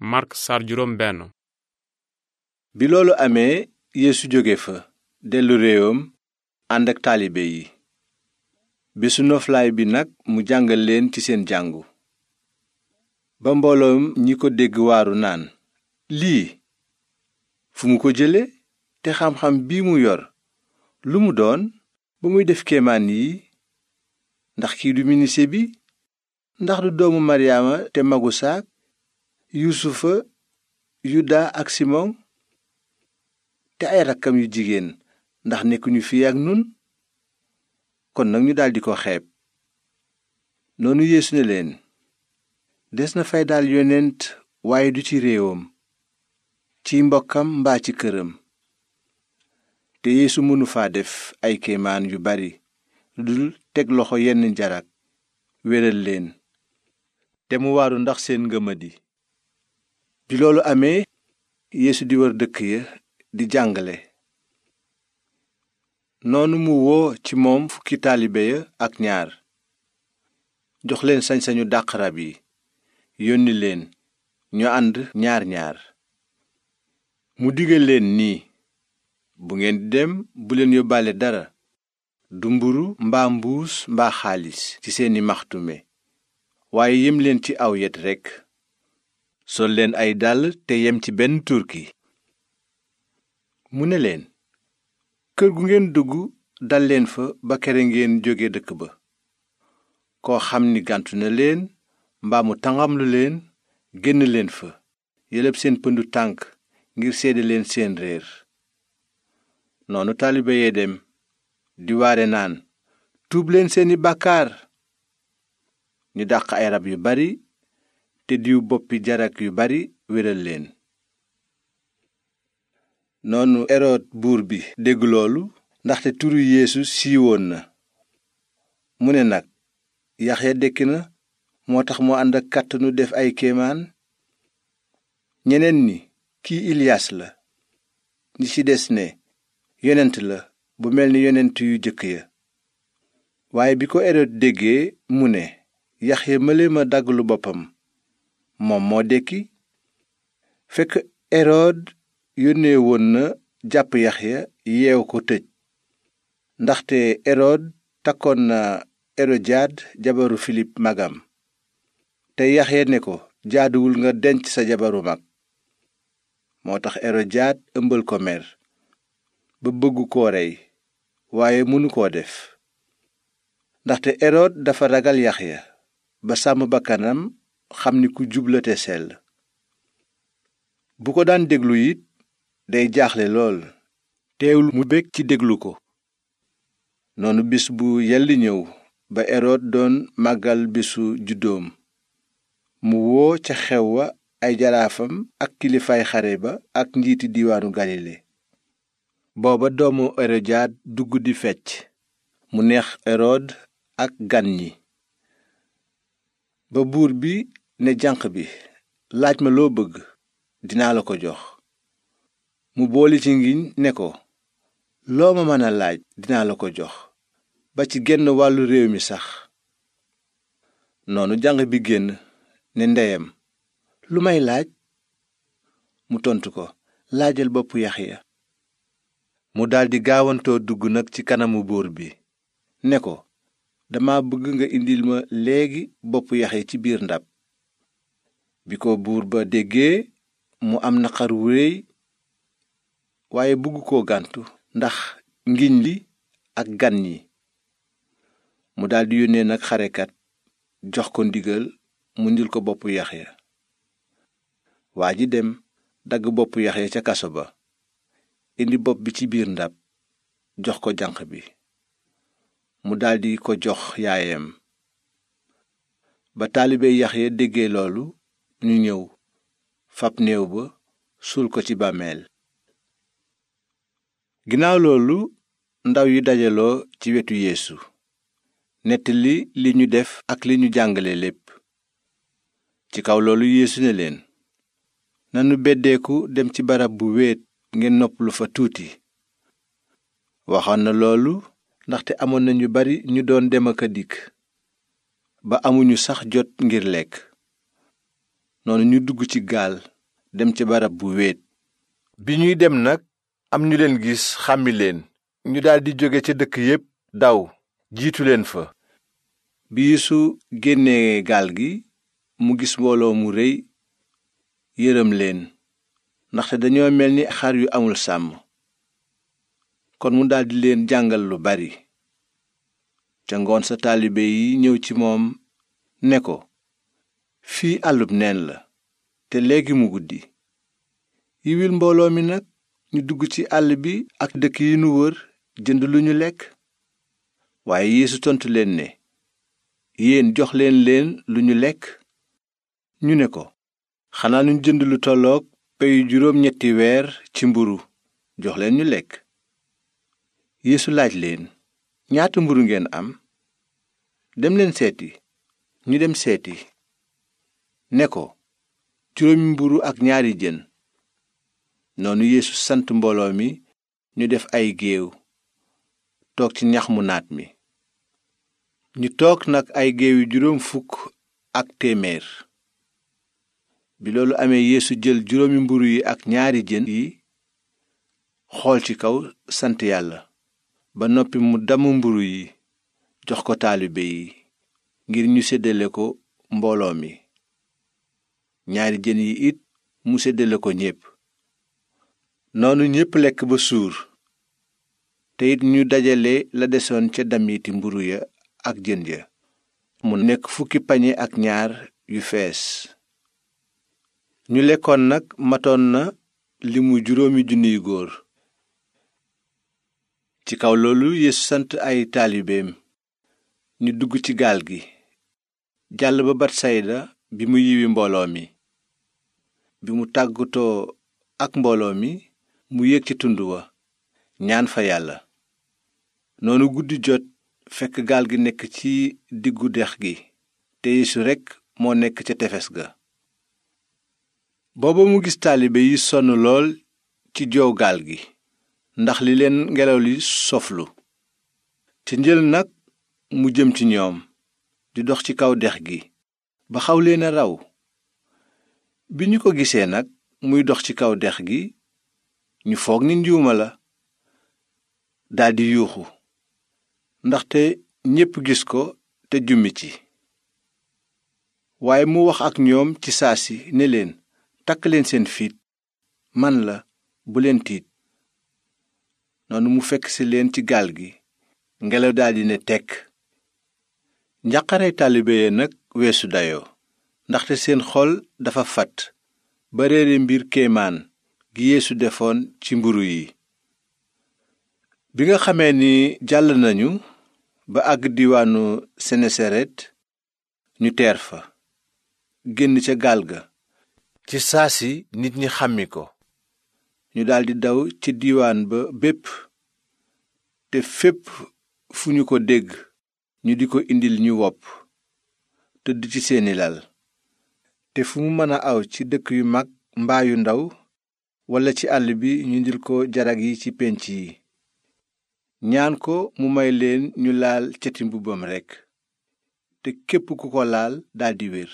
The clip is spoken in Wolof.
Mark sar bi loolu amee yéesu jóge fa dellu réewam ànd ak taalibe yi bésu noflaay bi nag mu jàngal leen ci seen jàngu ba mbooloom ñi ko dégg waaru naan lii fu mu ko jële te xam-xam bi mu yor lu mu doon ba muy def kéemaan yi ndax kii du minise bi ndax du doomu maryaama te magu saak yuusufa yuda ak simoŋ te ay rakkam yu jigéen ndax nekkuñu fii ak nun kon nag ñu daldi ko xeeb noonu yeesu ne leen des na fay dal yonent waaye du ci réewam ci mbokkam mbaa ci këram te yeesu mënu faa def ay kéemaan yu bari lu dul teg loxo yenn njarak wéral leen te mu waaru ndax seen ngëmadi bi loolu amee yéesu di wër dëkk ya di jàngale noonu mu woo ci moom fukki taalibe ya ak ñaar joxleen sañ-sañu dàq rab yi yónni leen ñu ànd ñaar ñaar mu digal leen nii bu ngeen di dem bu yóbbaale dara du mburu mbaa mbuus mbaa xaalis ci seeni maxtume waaye yem leen ci aw yet rekk sol leen ay dàll te yem ci benn turki mu ne leen kër gu ngeen dugg dal leen fa ba kere ngeen jóge dëkk ba koo xam ni gàntu na leen mbaamu mu tangamlu leen génn leen fa yëlëb seen pëndu tànk ngir seede leen seen réer noonu taalibe yee dem di waare naan tuub leen seeni bàkkaar ñu dàq ay rab yu bari te diw boppi jarak yu bari wéral leen noonu erod buur bi dégg loolu ndaxte turu yéesu siiwoon na mu ne nag yaxya dekki na moo tax mu ànd ak kàttanu def ay kéemaan ñeneen ni kii iliyas la ñi ci des ne yonent la bu mel ni yonent yu jëkk ya waaye bi ko erod déggee mu ne yaxya mële ma dagglu boppam moom moo dekki fekk erod yónnee woon na jàpp yax ya yeew ko tëj ndaxte erod takkoon na erodiyaad jabaru filip magam te yax yaxya ne ko jaaduwul nga denc sa jabaru mag moo tax erodiyaad ëmbal ko mer ba bëggu ko rey waaye mënu koo def ndaxte erod dafa ragal ya ba sàmm bakkanam xam ni ku jublate bu ko daan déglu it day jaaxle lool teewul mu bég ci déglu ko noonu bis bu yelli ñëw ba erod doon màggal bisu juddoom mu woo ca xew wa ay jaraafam ak kilifaay xare ba ak njiiti diiwaanu galile booba doomu erojaat dugg di fecc mu neex erod ak gan ñi ne janq bi laaj ma loo bëgg dinaa la ko jox mu booli ci ngiñ ne ko loo ma mën a laaj dinaa la ko jox ba ci genn wàllu réew mi sax noonu janq bi génn ne ndeyam lu may laaj mu tontu ko laajal boppu bopp Yaxya mu daldi gaawantoo dugg nag ci kanamu buur bi ne ko dama bëgg nga indil ma léegi boppu yax Yaxya ci biir ndab bi ko buur ba déggee mu am naqar wu réy waaye bëgg koo gantu ndax ngiñ li ak gan yi mu daldi yónnee nag xarekat jox ko ndigal mu ndil ko boppu Yaxya waa ji dem dagg boppu Yaxya ca kaso ba indi bopp bi ci biir ndab jox ko janq bi mu daldi ko jox yaayam ba taalibe Yaxya déggee loolu ñu ñëw fab néew ba suul ko ci bàmmeel ginnaaw loolu ndaw yi dajaloo ci wetu yéesu nettali li ñu def ak li ñu jàngale lépp ci kaw loolu yeesu ne leen nanu beddeeku dem ci barab bu wéet ngeen noppalu fa tuuti waxoon na loolu ndaxte amoon na ñu bari ñu doon dem ak a dikk ba amuñu sax jot ngir lekk noonu ñu dugg ci gaal dem ci barab bu wéet bi ñuy dem nag am ñu leen gis xàmmi leen ñu daldi jóge ca dëkk yépp daw jiitu leen fa bi Yeesu génnee gaal gi mu gis mbooloo mu rëy yërëm leen ndaxte dañoo mel ni xar yu amul sàmm kon mu daldi leen jàngal lu bari ca ngoon sa taalibe yi ñëw ci moom ne ko fii àllub neen la te léegi mu guddi yiwil mbooloo mi nag ñu dugg ci àll bi ak dëkk yi nu wër jënd lu ñu lekk waaye yeesu tontu leen ne yéen jox leen leen lu ñu lekk ñu ne ko xanaa ñu jënd lu tolloog peyu juróom ñetti weer ci mburu jox leen ñu lekk yéesu laaj leen ñaata mburu ngeen am demleen seeti ñu dem seeti ne ko juróomi mburu ak ñaari jën noonu yeesu sant mbooloo mi ñu def ay géew toog ci ñax mu naat mi ñu toog nag ay géew yu fukk ak téeméer bi loolu amee yéesu jël juróomi mburu yi ak ñaari jën yi xool ci kaw sant yàlla ba noppi mu damm mburu yi jox ko taalibe yi ngir ñu seddale ko mbooloo mi ñaari jën yi it mu séddale ko ñépp noonu ñépp lekk ba suur te ñu dajale la desoon ca damiti mburu ya ak jën ya mu nekk fukki pañe ak ñaar yu fees ñu lekkoon nag matoon na li mu juróomi junniy góor ci kaw loolu yeesu sant ay taalibeem ñu dugg ci gaal gi jàll ba batsayda bi mu yiwi mbooloo mi bi mu tàggatoo ak mbooloo mi mu yéeg ci tund wa ñaan fa yàlla noonu guddi jot fekk gaal gi nekk ci diggu dex gi te yeesu rekk moo nekk ca tefes ga booba mu gis taalibe yi sonn lool ci joow gaal gi ndax li leen ngelaw li soflu ci njël nag mu jëm ci ñoom di dox ci kaw dex gi ba xaw leen a raw bi ñu ko gisee nag muy dox ci kaw dex gi ñu foog ni njuuma la daldi yuuxu ndaxte ñépp gis ko te jummi ci waaye mu wax ak ñoom ci saa si ne leen takk leen seen fit man la bu leen tiit noonu mu fekk si leen ci gaal gi ngelaw daldi ne tekk njàqare taalibe ya nag weesu dayoo ndaxte seen xol dafa fàtt ba réere mbir kéemaan gi yeesu defoon ci mburu yi bi nga xamee ni jàll nañu ba àgg diwaanu senesaret ñu teer fa génn ca gaal ga ci saa si nit ñi xàmmi ko ñu daldi daw ci diwaan ba bépp te fépp fu ñu ko dégg ñu di ko indil ñu wopp tëdd ci seeni lal te fu mu mën a aw ci dëkk yu mag mbaa yu ndaw walla ci àll bi ñu indil ko jarag yi ci pénc yi ñaan ko mu may leen ñu laal cati mbubbam rekk te képp ku ko laal daldi wér